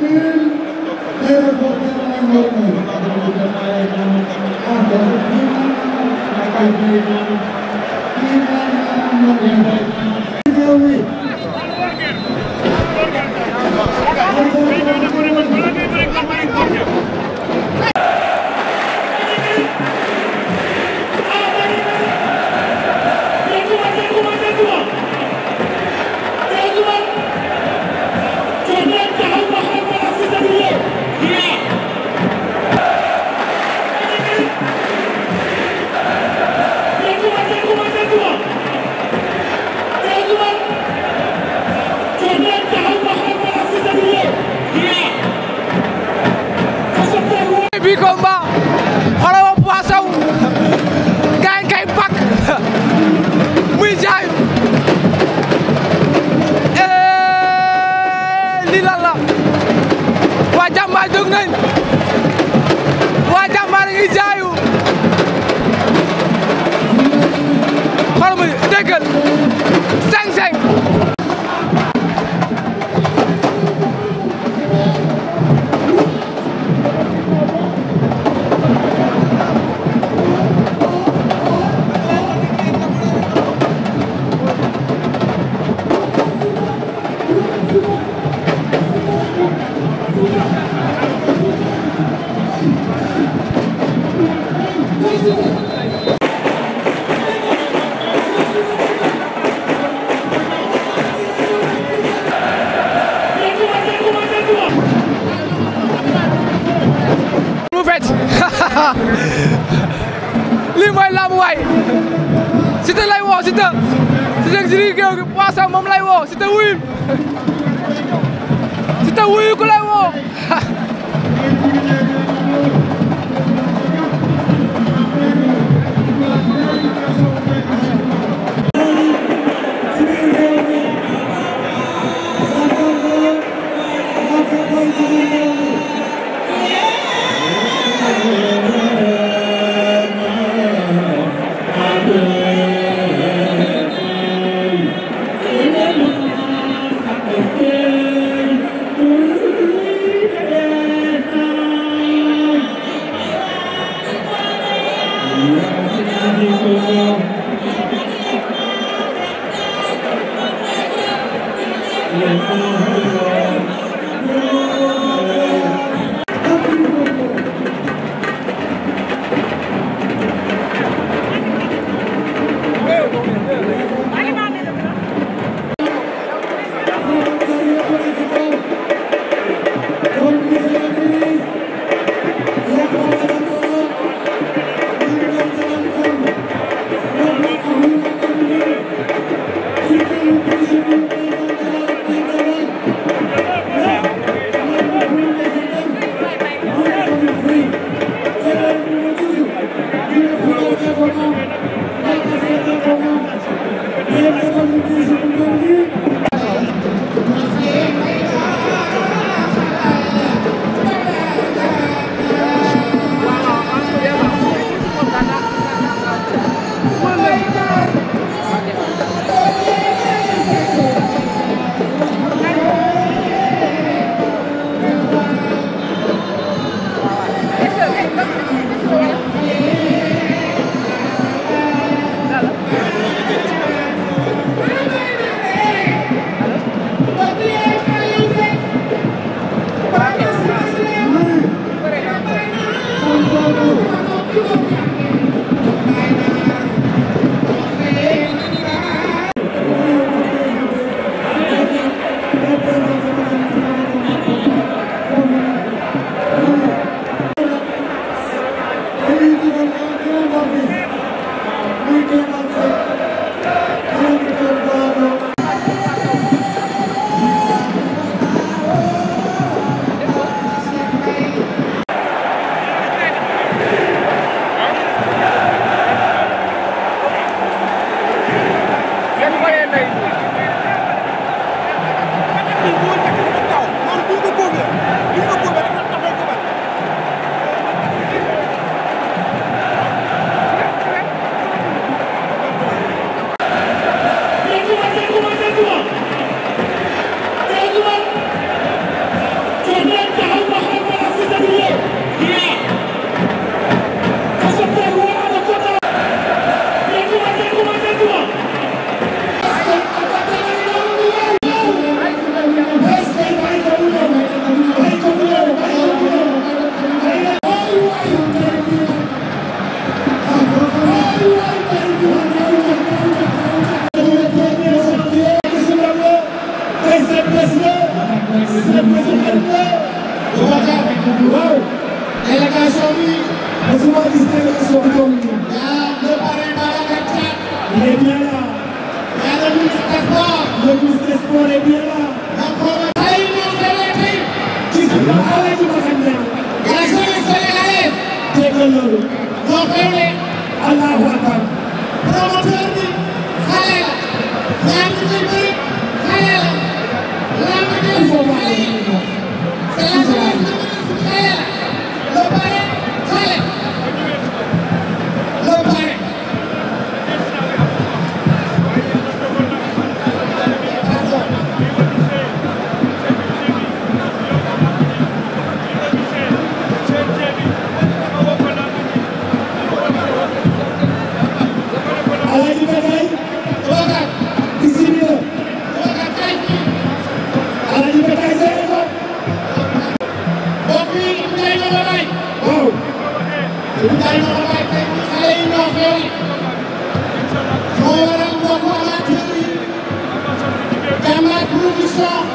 Thank you. ngi jaayu xorma déggal Mr. Wilm Thank you. Thank you. Le ministre des Sports est bien là. La jeunesse sénégalaise. Allahu Akbar. Promoteur Applaudissements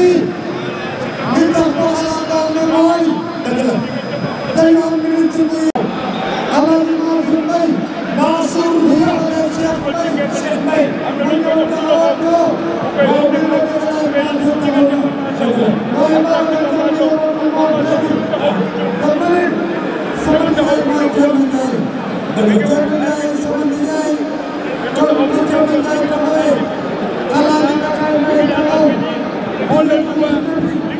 nii li tax ko xalaatal ne mooy dëgg la tey am ministre bu yow Alaaji Mansour Mbaye Mansour bu yaxale Cheikh Mbaye Cheikh Mbaye mu ñëw taxawal ko moo bi ma ko Alaaji Mansour taxawal mooy maa ngi leen di wax ne moom léegi te bëri sama nijaay mooy Thierno Ndiaye Thierno Ndiaye sama nijaay kon bu Thierno Ndiaye taxawee Alaaji Mansour Mbaye taxaw On le voit.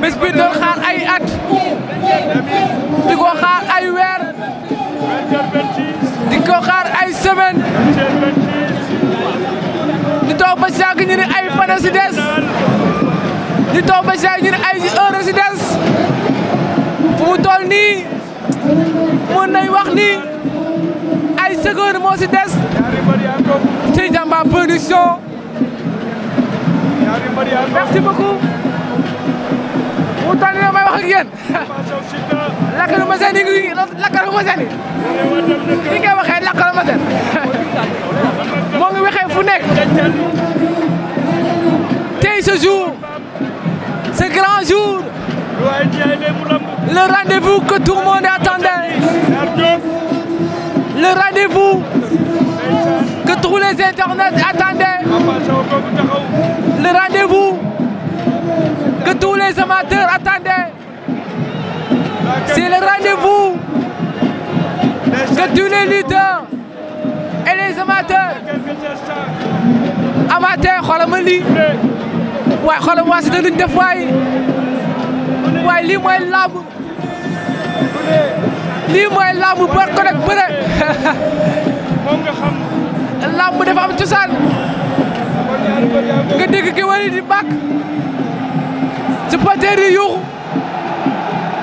bis bi doon xaar ay at di ko xaar ay weer di ko xaar ay semaine di toog ba saag ñu ne ay fan si des di toog ba saag ñu ne ay heure si des fu toll nii mën nañ wax ni ay seconde moo si des ci Ndiambar Production merci beaucoup mu toll moo ngi waxee fu nekk tey ce jour ce grand jour le rendez-vous que tout le monde attendait le rendez le rendez que tous les amateurs attendaient. C'est le rendez-vous que tous les lutteurs et les amateurs. amateur xoolal ma lii waaye xoolal ma Siteu luñ def waaye waaye lii mooy làmb lii mooy làmb boor bëre làmb dafa am cosaan nga supporter yi yuuxu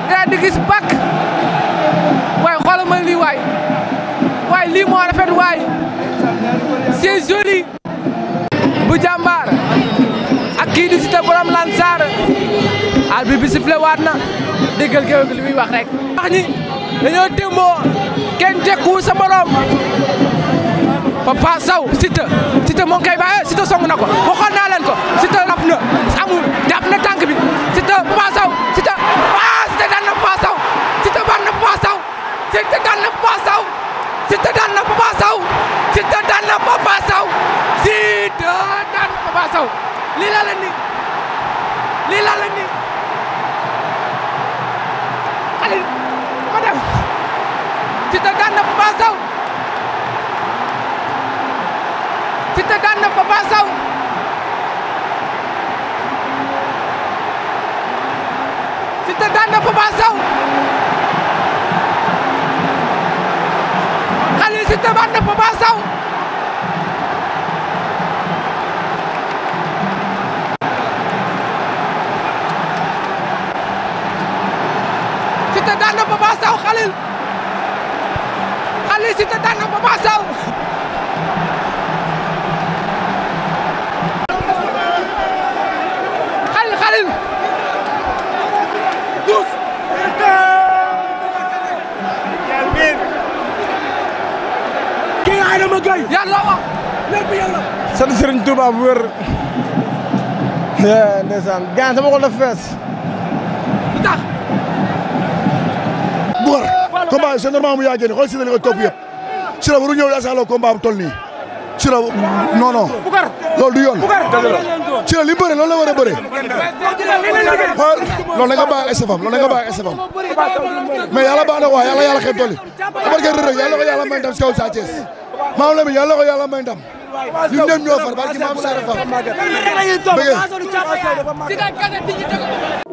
daal di gis bàkk waaye xoolal ma lii waay waaye lii moo rafet waay c'est joli bu jàmbaar ak kii di Siteu borom Lansar arbitre bi sifflé waat na déggal géew gi li muy wax rek wax ñi dañoo démboo kenn jekku borom Papa Sow Siteu Siteu moo ngi koy song na ko waxoon naa leen ko Siteu rap na amul jàpp Siteu daan na Papa Sow Siteu daan na Papa Sow Siteu daan na Papa Sow Siteu daan na Papa Sow lii laa leen di lii laa leen di Xalil ko def Siteu daan na Papa Sow Siteu daan na Papa Sow Siteu daan na Papa Sow Siteu daan na Papa Sow Siteu daan na Papa Sow Khalil Khalil Siteu daan na Papa Sow Adama Gaye yàlla wax lépp yow la sant Serigne Touba bu wér ndeysaan gaan sama xol daf fees lu tax Boucar combat c'est normal mu yàggee ni xool si na li nga topp yëpp si la waru ñëw yaa saaloo combat bu toll nii ci la non non loolu du yoon ci la li bëre loolu la war a bëre loolu na nga baax SFM loolu na nga baax SFM mais yàlla baax na waaw yàlla yàlla xeeb dolli abarke rek yàlla ko yàlla may ndam si kaw Sa Thiès maam Lamine yàlla ko yàlla may ndam. ñu dem ñoo far barki maam Saara Fall.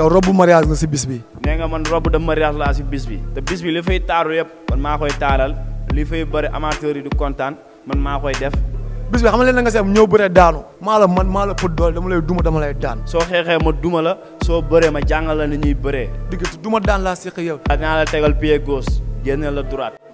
yow robbu mariage nga si bi. nee nga man robbu de mariage laa bis bi te bis bi li fay taaru yëpp man maa koy taaral li fay bëri amateurs yi du kontaan man maa koy def. bis bi xam nga nga seetlu ñëw bëree daanu. maa la man maa la pët doole dama lay duma dama lay daan. soo xeexee ma duma la soo baree ma jàngale na ñuy bëree. digg duma daan laa seq yow. dinaa la tegal pie gauche génne la droite.